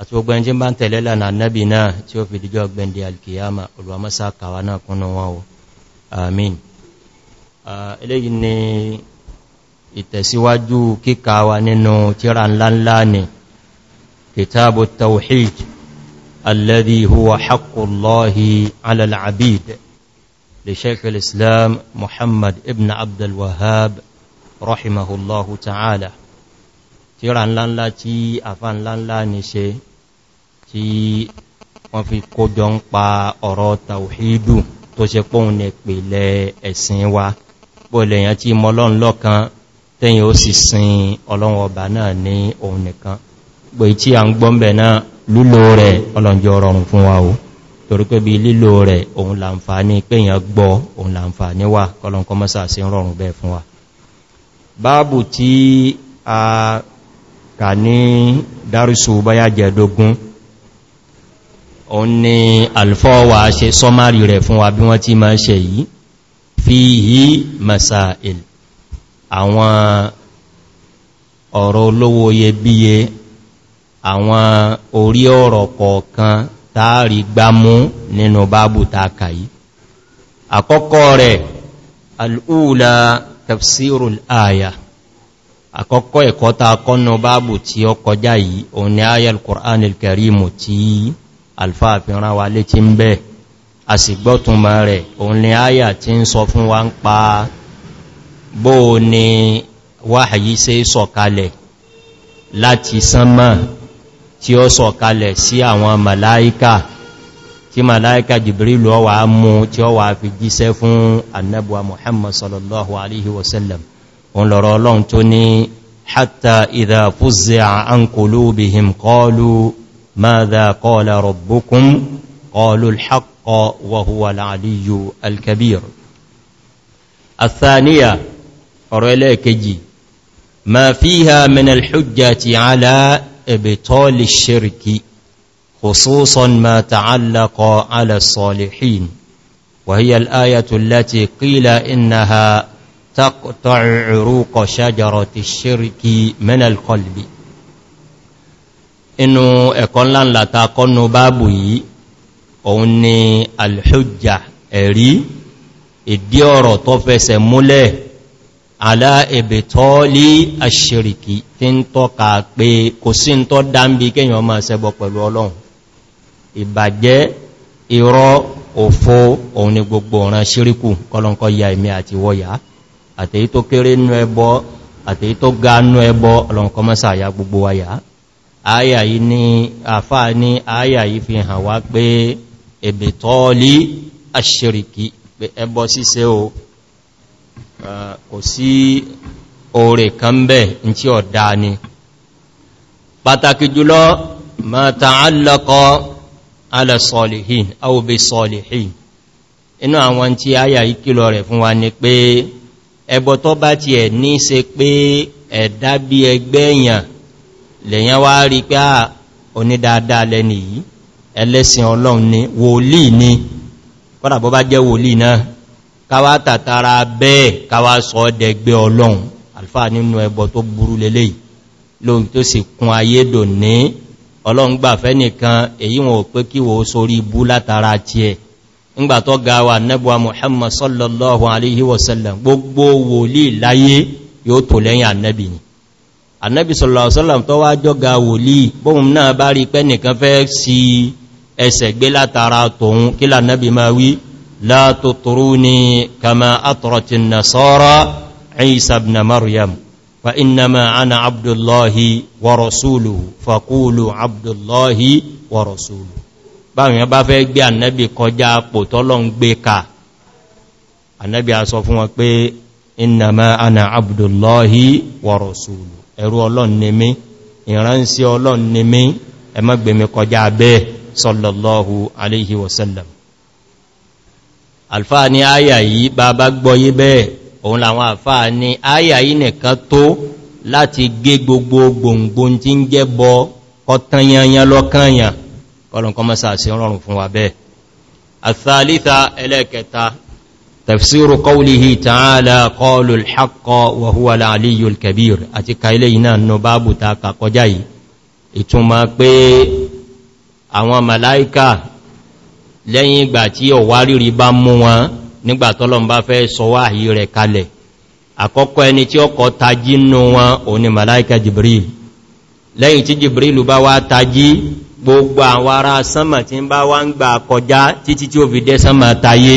àti gbogbo ẹni tí bá ń tẹ̀lé lánà nẹ́bì náà tí ó fi díjọ́ gbẹ̀ndì alkiyama olùwàmọ́sá kàwà náà kúnnà wọn o amin eléyìí ni ìtẹ̀síwájú kíkà wa nínú tíra ńláńlá ni kìtàbù tawhid alladhi huwa haqqullahi ala al-abid li shaykh al-islam muhammad tíra ńláńlá tí àfá ńláńlá ni ṣe tí wọ́n fi kójọ ń pa ọ̀rọ̀ tàwíìdù tó ṣe pọ́un ní pèlẹ̀ ẹ̀sìn wa bóòlẹ̀ èyàn tí mọ́lọ́n lọ́kan tẹ́yìn ó sì sin ọlọ́run ọba náà ní òun nìkan gbò tí wa o torí pé bí lílò rẹ̀ òun làǹfàní a kà ní dárísù báyá jẹ́dógún òun ni alfọ́wà ṣe sọmárì rẹ̀ fún wa bí wọ́n ti máa ṣe yìí fi yí masail àwọn ọ̀rọ̀ olówó iyebíye àwọn orí ọ̀rọ̀ kọ̀ọ̀kan táàrí gbámú nínú báàbù tààkà yìí àkọ́kọ́ rẹ̀ al'ula tafsirul aya àkọ́kọ́ ẹ̀kọ́ ta kọ́nà báàbù tí ó kọjá yìí òun ni ayal ƙùránil karimu tí alfa fìran wa lé ti ń bẹ́ a sì gbọ́tùnmọ̀ rẹ̀ òun ni áyà tí ń sọ fún wa ń pa bó ni wáhàyí se sọ̀kalẹ̀ láti sánmà tí ó sọ̀kalẹ̀ sí àwọn màláíkà tí màláíkà jìbìrìlù ọwà mú tí ó wà fi jíṣẹ́ fún annabuwa muhammad sallallahu alaihi wasallam òun lọ̀rọ̀ ọlọ́run tó ní hatta ìdà fúzẹ̀ à ń kò ماذا قال ربكم قالوا الحق وهو العلي الكبير الثانية رليكجي ما فيها من الحجة على ابطال الشرك خصوصا ما تعلق على الصالحين وهي الآية التي قيل إنها تقطع عروق شجرة الشرك من القلب inú ẹ̀kọ́ ńláńlá ta kọ́nù báàbù yìí òun ni alhujja ẹ̀rí ìdí ọ̀rọ̀ tó fẹsẹ̀ múlẹ̀ aláẹ̀bẹ̀tọ́lí aṣìrìkì tí ń tọ́ka pé kò sí ń tọ́ dámbí kéyàn máa ṣẹbọ pẹ̀lú ọlọ́run ìbàjẹ́ irọ́ òfo òun ni gbogbo ọ̀ràn ṣíríkù kọlọ́nkọ́ ya ìmẹ́ àti wọ́yá àtèyí tó kéré nú ẹbọ àtèyí tó ga nú ẹbọ ọlọ́nkọ́ mọ́sà ya gbogbo wáyàá àyà yìí ni àfá ní àyà yìí fi hàn wá pé èbè tọ́ọ̀lì àṣìríkì pé ẹbọ ṣíṣe o kò sí oore kan bẹ̀ ní tí ọ̀dá ni pàtàkì jùlọ ma ala salihin aw bi salihin inú àwọn tí àyà yìí kìlọ̀ rẹ̀ fún wa ni pé ẹbọ tó bá ti ẹ̀ ní ṣe pé ẹ̀dá bí ẹgbẹ́ lèyàn wá rí pé à ah, onídáadáa lẹ́ni yìí ẹlẹ́sìn ọlọ́run ni wòlíì ni kọ́nà bọ́ bá jẹ́ wòlíì náà káwà tàtàrà bẹ́ẹ̀ káwà sọ dẹ̀gbẹ́ ọlọ́run alfáà nínú ẹbọ tó burú lélẹ̀ lóhun tó sì kún ayédò ní ọlọ́run gbà fẹ́ nìkan èyí muhammad sallallahu alaihi wasallam gbogbo wòlíì láyé yóò tò lẹ́yìn annabi annabi sallallahu alaihi wasallam tó wá jọ́ga wòlíì bóhun náà bá rí pé nìkan fẹ́ sí ẹsẹ̀ gbé látara tòun kí lànàbí máa wí la tutruni kama atratin nasara isa ibn maryam fa innama ana abdullahi wa rasuluhu faqulu abdullahi wa rasuluhu báwọn yẹn bá fẹ́ gbé annabi kọjá pò tọ́lọ́n gbé ka annabi a sọ fún wọn pé innama ana abdullahi wa rasuluhu ẹ̀rù ọlọ́n ni mí ìránṣẹ́ ọlọ́n ni ẹmọ́gbẹ̀mí kọjá bẹ́ẹ̀ sallallahu alaihi wasallam alfáà ní àyà yìí bàbá gbọ́yé bẹ́ẹ̀ òun làwọn àfáà ní àyà yìí nìkan tó láti gé gbogbo gbòǹgbò tí ń jẹ́ bọ kọtanyanyan lọ́kànyàn kọlọ̀nkọ́ mọ́sà sí rọrùn fún wa bẹ́ẹ̀ تفسير قوله تعالى قال الحق وهو العلي الكبير àti ka ilé iná nù báàbù ta kàkọjá yìí ìtumọ̀ pé àwọn màláíkà lẹ́yìn ìgbà tí ọ̀wá rírí bá mú wọn nígbà tọ́lọ́n bá fẹ́ sọ wáhí rẹ̀ kalẹ̀ àkọ́kọ́ ẹni tí ọkọ̀ tají nù wọn ò ní màláíkà Jibril lẹ́yìn tí Jibril bá wá tají gbogbo àwọn ará sánmà tí ń bá wá ń gbà kọjá títí tí fi dé sánmà tayé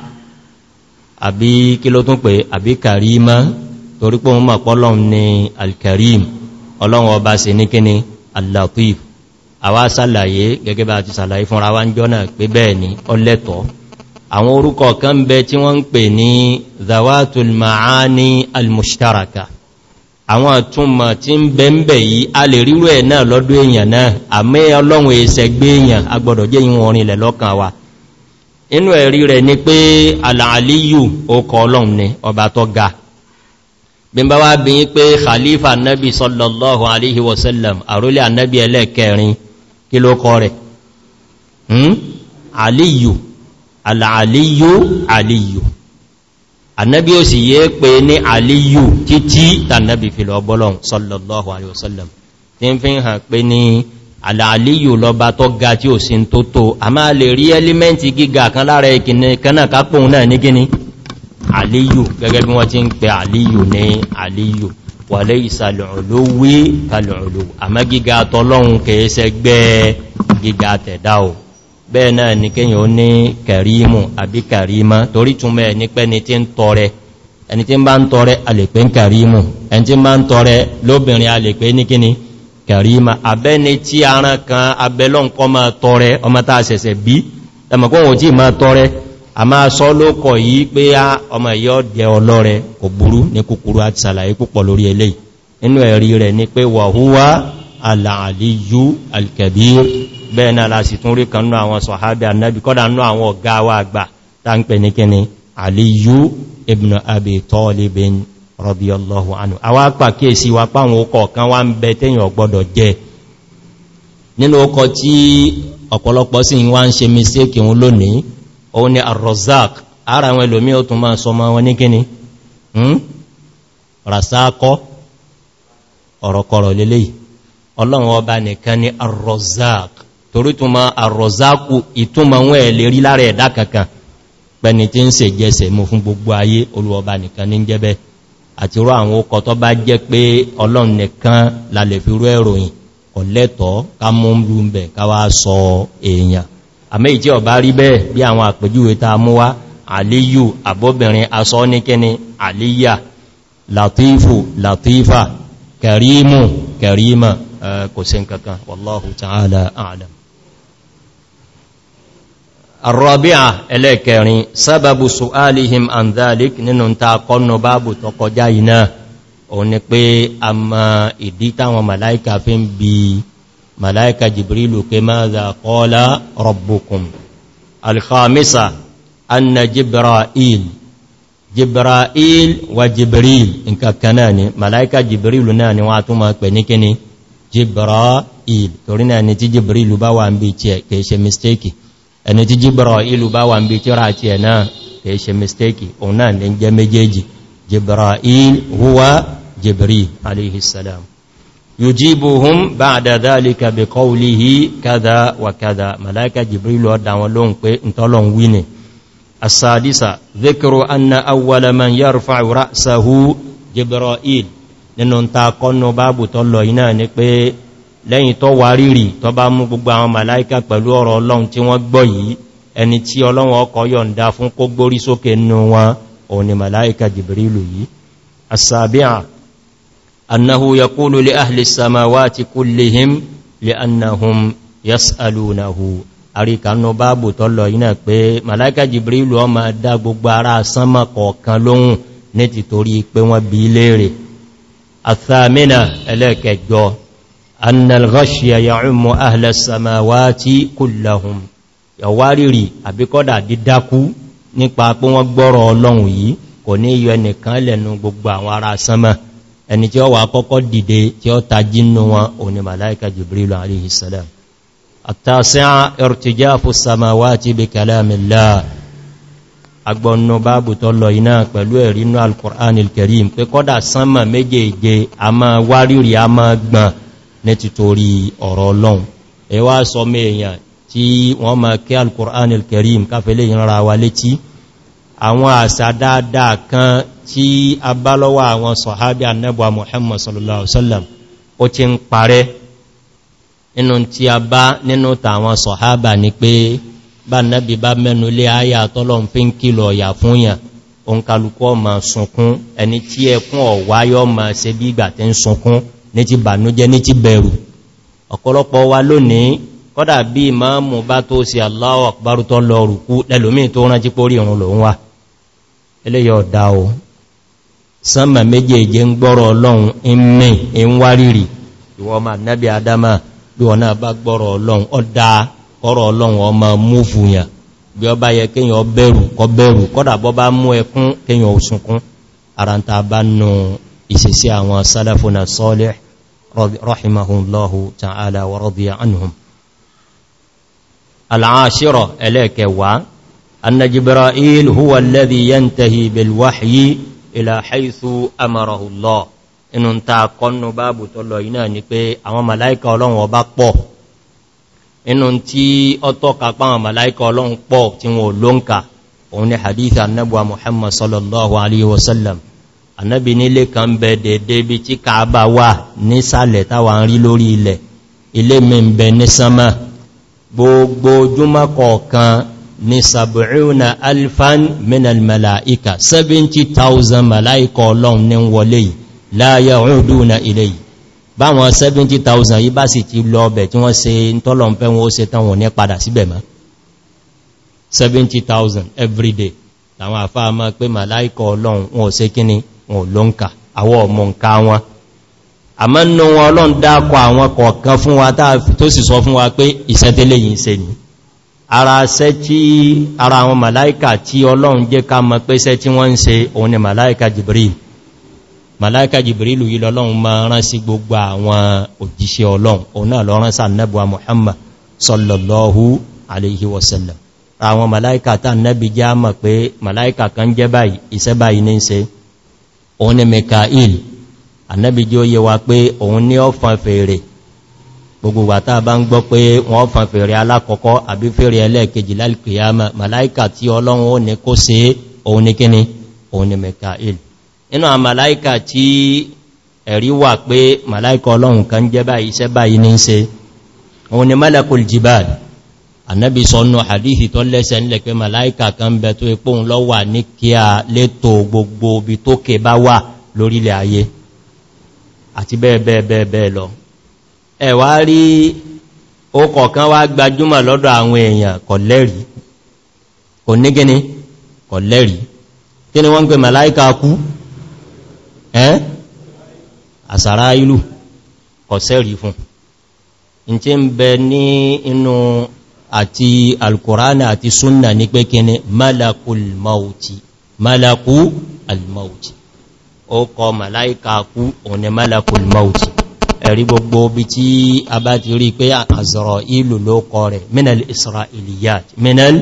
àbí kí ló tún pé àbí karima torí pé wọ́n mọ̀ ni alkarim ọlọ́run ọba ṣe ní kíni al-latif àwa sàlàyé gẹ́gẹ́ bá ti sàlàyé fúnra wá ń jọ́nà pé bẹ́ẹ̀ ni ọlẹ́tọ̀ àwọn orúkọ kan bẹ tí wọ́n ń pè ní zawatul ma'ani al-mushtaraka àwọn àtúnmà tí ń bẹ ń bẹ yìí a lè ríru ẹ̀ náà lọ́dún inú ẹ̀rí rẹ̀ ni pé alàálíyù ọkọ̀ ọlọ́run ni ọba tó ga bí bá wá bí yí pé khalifa annabi sallallahu alaihi wasallam àrólé annabi ẹlẹ́kẹrin kí ló kọ rẹ̀ hmm? aliyu alàálíyù aliyu annabi ó sì yé pé ní aliyu títí tànnabi fi lọ bọ́lọ́run sallallahu alaihi wasallam àlàálíyò lọba tó ga tí ò sí tó tó a máa lè rí ẹlímẹ́ntì gíga kan lára ìkìnnì kanáà kápòun náà ní gíní àlíyò gẹ́gẹ́ bí wọ́n ti ń pẹ àlíyò ní àlíyò wàlé ìsàlọ̀lówé kalọ̀lò àmá gíga tọ́lọ́run kẹsẹ gbẹ́ gíga tẹ̀dá o ni tí ń kẹrìíma abẹ́ni tí aran kan abẹ́lọ́nkọ́ máa tọrẹ ọmọ tàà sẹ̀sẹ̀ bí ẹmọ̀kọ́wọ̀n tí máa tọrẹ a máa sọ lókọ̀ yìí pé a ọmọ yọ́ jẹ ọlọ́rẹ kò burú ní kúkúrú àti sàlàyé púpọ̀ lórí eléyìí inú ẹ̀rí rẹ̀ ni pé wàhúwá alààlìyú alkẹ̀bír bẹ́ẹ̀ náà ibn abi tọ́ọ̀lẹ́bìn radiyallahu anhu anụ pàkíyèsí wa páwọn okọ̀ kan wa ń bẹ tẹ́yìn ọ̀gbọ́dọ̀ jẹ nínú okọ̀ tí ọ̀pọ̀lọpọ̀ sí wá mistake wọn lónìí ni ar ara àwọn ẹlòmí ma wọn ní hmm? ọlọ́run ọba nìkan ni torí tún ma wọn ẹ̀ lè rí fún gbogbo ayé olúọba nìkan ní jẹ́bẹ̀ẹ́ àti rọ àwọn okọ̀ tó bá jẹ́ pé ọlọ́run nìkan lalẹ̀ fi rú ẹ̀ròyìn kọ̀ lẹ́tọ̀ ká mú lú bẹ̀ káwà sọ èèyàn àmẹ́ ìjẹ́ ọ̀bá rí bẹ́ẹ̀ bí àwọn àpèjúwe ta mú wá àlíyù àbọ́bìnrin asọ́ ní kíni àlíyà latifu latifa karimu karima kò sí nǹkankan wallahu ta'ala a'lam àrọ̀bíà ẹlẹ́kẹrin sábàbù su'alihim an dhalik nínú ta kọ́nà báàbù tó kọjá iná òun ni pé a ma ìdí táwọn màláìka fi ń bi màláìka jibrilu pé máa za qala rabbukum alkhamisa anna jibra'il jibra'il wa jibril nkankan náà ni màláìka jibrilu náà ni wọ́n a tún ma pè ní kíni jibra'il torí náà ni tí jibrilu bá wà ń bí tí ẹ̀ kẹ́ ṣe mistake ẹni tí Jibrailu bá wà ń bí tíra àti ẹ̀ náà kìí ṣe mistake òun náà ní jẹ́ méjèèjì Jibrail huwa Jibril alayhi salam yujibuhum ba'da dhalika bi qawlihi kadha wa kadha malaika Jibril ló dá wọn lóhùn pé ntọ́lọ̀n wíni as lẹ́yìn tó wà rírì tó bá mú gbogbo àwọn màláíkà pẹ̀lú ọ̀rọ̀ ọlọ́run tí wọ́n gbọ́ yìí ẹni tí ọlọ́run ọkọ̀ yọ̀nda fún kó gbórí sókè nù wọn òun màláíkà jìbìrìlù yìí asabi'a annahu ẹlẹ́kẹjọ أن الغشي يعم أهل السماوات كلهم yọ̀wárìrì àbíkọ́dà dídákú nípa pé wọ́n gbọ́rọ̀ ọlọ́run yìí kò ní yọ ẹnìkan lẹ́nu gbogbo àwọn ará sánmà ẹni tí ó wà kọ́kọ́ dìde tí ó ta jínú wọn òní màláìka jibrilu aléhìsàlám àtàṣíà irtijáfù samawati bí kalamilá agbọnnu báàbù tó lọ iná pẹ̀lú ẹ̀rínú alkùránil karim pé kọ́dà sánmà méjèèje a máa wárìrì a ní títorí ọ̀rọ̀ ọlọ́run ẹwà sọ mẹ́yàn tí wọ́n ma kí al-Qur'an al-Karim káfẹ́lẹ̀ ìrànra wa létí àwọn àṣà dáadáa kan tí a bá lọ́wọ́ àwọn sọ̀hábí annabuwa Muhammad sallallahu alaihi wasallam ó ti ń parẹ́ nínú tí a bá nínú tàwọn sọ̀hábà ní pé bá nábi bá mẹ́nu lé ayà tọ́lọ́n fi ń kílọ̀ ọ̀yà fún yàn òun ma sunkún ẹni tí ẹkún ọ̀wáyọ́ ma ṣe bí ìgbà tí ń sunkún ní ti bànújẹ́ ní ti bẹ̀rù ọ̀pọ̀lọpọ̀ wa lónìí kọ́dà bí ìmáàmù bá tó sí Allahu Akbar lọ rùkú lẹ́lòmí tó rántí pórí ìrùn lòun wà eléyọ ọ̀dá o sánmà méjèèjì ń gbọ́rọ̀ ọlọ́run inú ìwárìrì adama ìsẹsí àwọn sálàfúnà sọ́lẹ̀ rahimahullahu ta'ala wa radiya anhum al'ashira ẹlẹ́kẹwàá anna jibra'il huwa alladhi yantahi bil wahyi ila haythu amarahu allah inú ta kọnù báàbù tó lọ iná ni pé àwọn màláíkà ọlọ́run ọba ànábì nílé kan bẹ dédé bí tí Káàbà wà nísàlẹ̀ táwà ń rí lórí ilẹ̀ ilé mi ń bẹ ní sánmà gbogbo júmọ́ kọ̀ọ̀kan ní sàbùrúnà alfan minal mala'ika 70,000 mala'ika ọlọ́run ní wọlé yìí láyé ọdúnà ilé yìí báwọn 70,000 yìí bá sì ti lọ ọbẹ̀ tí wọ́n ṣe tọ́lọ̀n fẹ́ wọn ó ṣe tán wọn ní padà síbẹ̀ mọ́ 70,000 everyday làwọn àfáà máa pé mala'ika ọlọ́run wọn ò ṣe kíní wọn ló ń ka àwọ ọmọ ń ka wọn àmọ́ nínú wọn ọlọ́n dákọ àwọn kọ̀ọ̀kan fún wa tó sì sọ fún wa pé ìṣẹ́tẹ́lẹ̀ yìí ṣe ní ara ṣẹ́ tí ara àwọn màláìkà tí ọlọ́run jẹ́ ká mọ̀ pé ṣẹ́ tí wọ́n ń ṣe òun ni màláìkà jibril màláìkà jibril yìí lọ́lọ́run ma rán sí gbogbo àwọn òjíṣẹ́ ọlọ́run òun náà sallallahu alaihi wasallam àwọn màláìkà tá nẹ́bì já mọ̀ pé màláìkà kan òun ni mikael annabi jí ó yẹ wa pé òun ní ọ̀fàn fèrè gbogbo wà tàà bá ń gbọ́ pé wọ́n ọ̀fàn fèrè alákọ̀ọ́kọ́ àbí fèrè ẹlẹ́ẹ̀kejì lálìkìyàmà màláíkà tí ọlọ́run ó ní kó se òun ní kíni òun ni mikael inú a màláíkà tí ẹ̀rí wà pé màláíkà ọlọ́run kan jẹ́ báyìí annabi sọ́nà hadithi tó lẹ́sẹ̀ ń lẹ́pẹ́ màláìkà kan bẹ tó ipò ń lọ wà ní kí a létò gbogbo ibi tó kè bá wà lórílẹ̀ ayé àti bẹ́ẹ̀bẹ́ẹ̀bẹ́ẹ̀ lọ ẹ̀wà rí ó kọ̀kan wá gbajúmọ̀ lọ́dọ̀ àwọn èèyàn kọ̀lẹ́rì kò ní gíní kọ̀lẹ́rì fún in ń bẹ ní inú àti alkùránà àti súnnà ní pé kí ni malakul mauti malaku almauti ó kọ màláìka kú òní malakul mauti ẹ̀rí gbogbo bí tí a bá ti rí pé àzọ̀rọ̀ ìlú ló kọ rẹ̀ minal israeliyat minal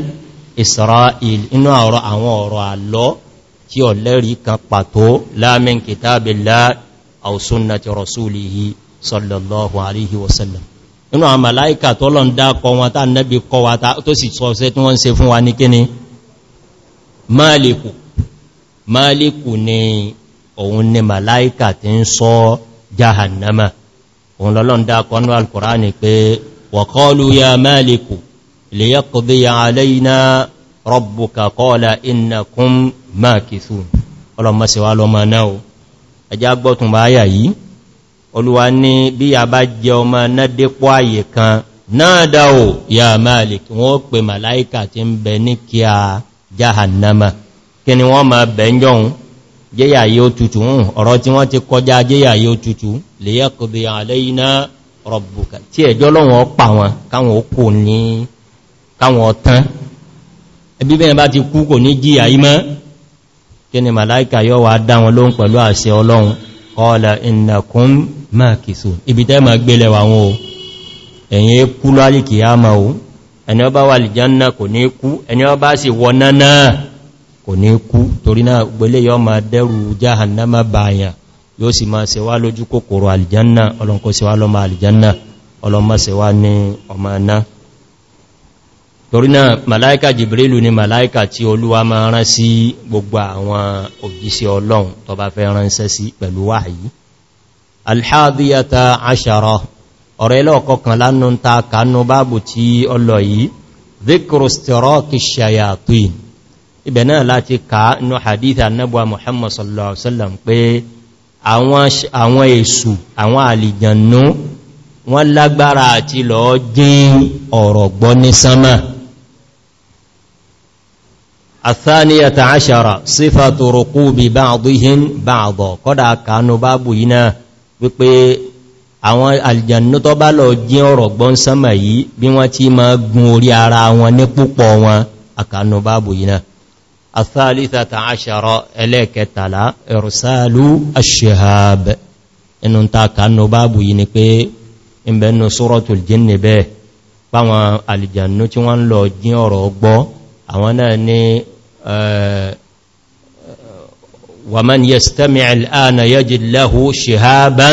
israel inú àwọn ọ̀rọ̀ àlọ́ tí ó lẹ́rí kan pàtó láàmín kìtàbíllá aw sunnati rasulihi sallallahu alaihi wasallam inú àwọn màláìkà tó lọ ń dákọ wọn tá nẹ́bí kọ wa tó sì sọ ṣe tí wọ́n ń ṣe fún wa ní kíni máàlìkù máàlìkù ni òun ni màláìkà tí ń sọ jahannama òun lọ́lọ́ dákọ ní alkùránì pé wàkọlu ya máàlìkù lè yẹ́kọ̀dé ya aláìna rọ̀bùkà kọ́ọ̀lá innakum máàkìsù ọlọ́mọ́síwá lọ́mọ́ náà ẹjá gbọ́tùn báyà yìí olúwa ní bí a bá jẹ ọmọ nádépọ̀ àyè kan náà dáwò ya Malik wọ́n pè màláíkà tí ń bẹ ní kí a jahannama kí ni wọ́n ma bẹ̀ ń jọun jẹ́yà yóò tutù hùn hmm, ọ̀rọ̀ tí wọ́n ti kọjá jẹ́yà yóò tutù lè yẹ́kùdì àlẹ́yìnà rọ̀bùkà tí ẹjọ́ lọ́wọ́n pa wọn káwọn ó mákìsùn ibi tẹ́ ma gbé lẹ́wà wọn o ẹ̀yìn ikú lálìkì á ma o ẹni ọba wà lè jánà kò ní kú ẹni ọba sì wọ náà kò ní kú torí náà gbélé yọ ma dẹ́rù jahannama báyàn yóò sì máa ṣe wá lójú kòkòrò alìjánà ọlọ́nkọ́ ṣe wá ni màláíkà tí olúwa máa rán sí gbogbo àwọn òjíṣẹ́ ọlọ́run tó bá fẹ́ sí pẹ̀lú wáyìí alhadiyata ashara ọ̀rọ̀ ẹlọ́ọ̀kọ́ kan lánú ta kanú báàbù tí ọlọ yìí dhikru istiraki shayatin ibẹ̀ náà láti ka inú hadith annabuwa muhammad sallallahu alaihi wasallam pé àwọn èṣù àwọn àlìjànú wọ́n lágbára àti lọ jín ọ̀rọ̀ gbọ́ ní sánmà athaniyata ashara sífàtò rukubi ba'dihim ba'dha kọ́dà kanú báàbù yìí wípé àwọn àlìjànú tó bá lọ jí ọ̀rọ̀ gbọ́n sánmà yìí bí wọ́n ti ma gun orí ara wọn ní púpọ̀ wọn àkànú báàbù yìí náà àtàlítàtà àṣàrọ ẹlẹ́ẹ̀kẹtàlá ẹ̀rùsálú àṣehàb inú ta kànú ومن يستمع الآن يجد له شهابا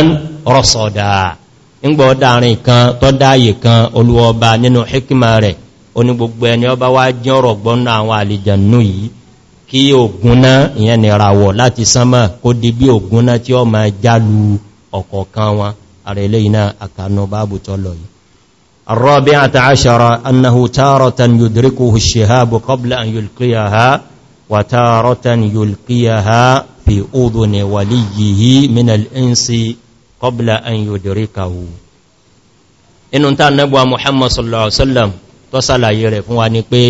رصدا ń gbọ́ dáàrin kan tó dáyé kan olúọba nínú hikima rẹ̀ oní gbogbo ẹni ọba wá jẹ́ ọ̀rọ̀ gbọ́nà àwọn àlìjànú yìí kí ògúnná ìyẹn ni ràwọ̀ láti sánmà kó di bí ògúnná tí ó ma jálu ọ̀kọ̀ọ̀kan wọn ààrẹ ilé iná àkànú báàbù tọ́lọ̀ yìí الرابعة عشرة أنه تارة يدركه الشهاب قبل أن يلقيها وتارة يلقيها في أذن وليه من الإنس قبل أن يدركه inú ta nabuwa muhammad sallallahu alaihi wasallam tó ṣàlàyé rẹ̀ fún wa ní pé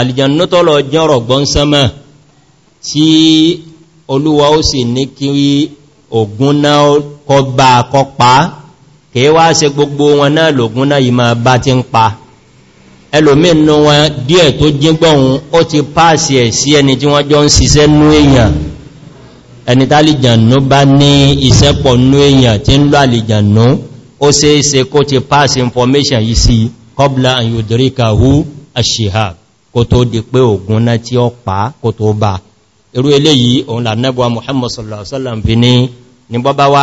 aljannu tó lọ jọ́rọ̀ gbọ́n sánmà tí olúwa ó sì ní kí ogun náà kọ bá kọ wá ṣe gbogbo wọn náà lògún náà yìí máa bá ti ń pa ẹlòmí nù wọn díẹ̀ tó jígbọ̀hun ó ti páàsì ẹ̀ sí ẹni tí wọ́n jọ ń siṣẹ́ nú èèyàn ẹni tálìjànú bá ní ìṣẹ́pọ̀ nú èèyàn tí ń lọ àlìjànú ó ṣe é ṣe kó ti páàsì information yìí sí kọbla an yudrikahu ash-shihab kó tó di pé ògùn náà tí ó pa kó tó bá irú eléyìí òun lànẹ́bọ̀ Muhammad sallallahu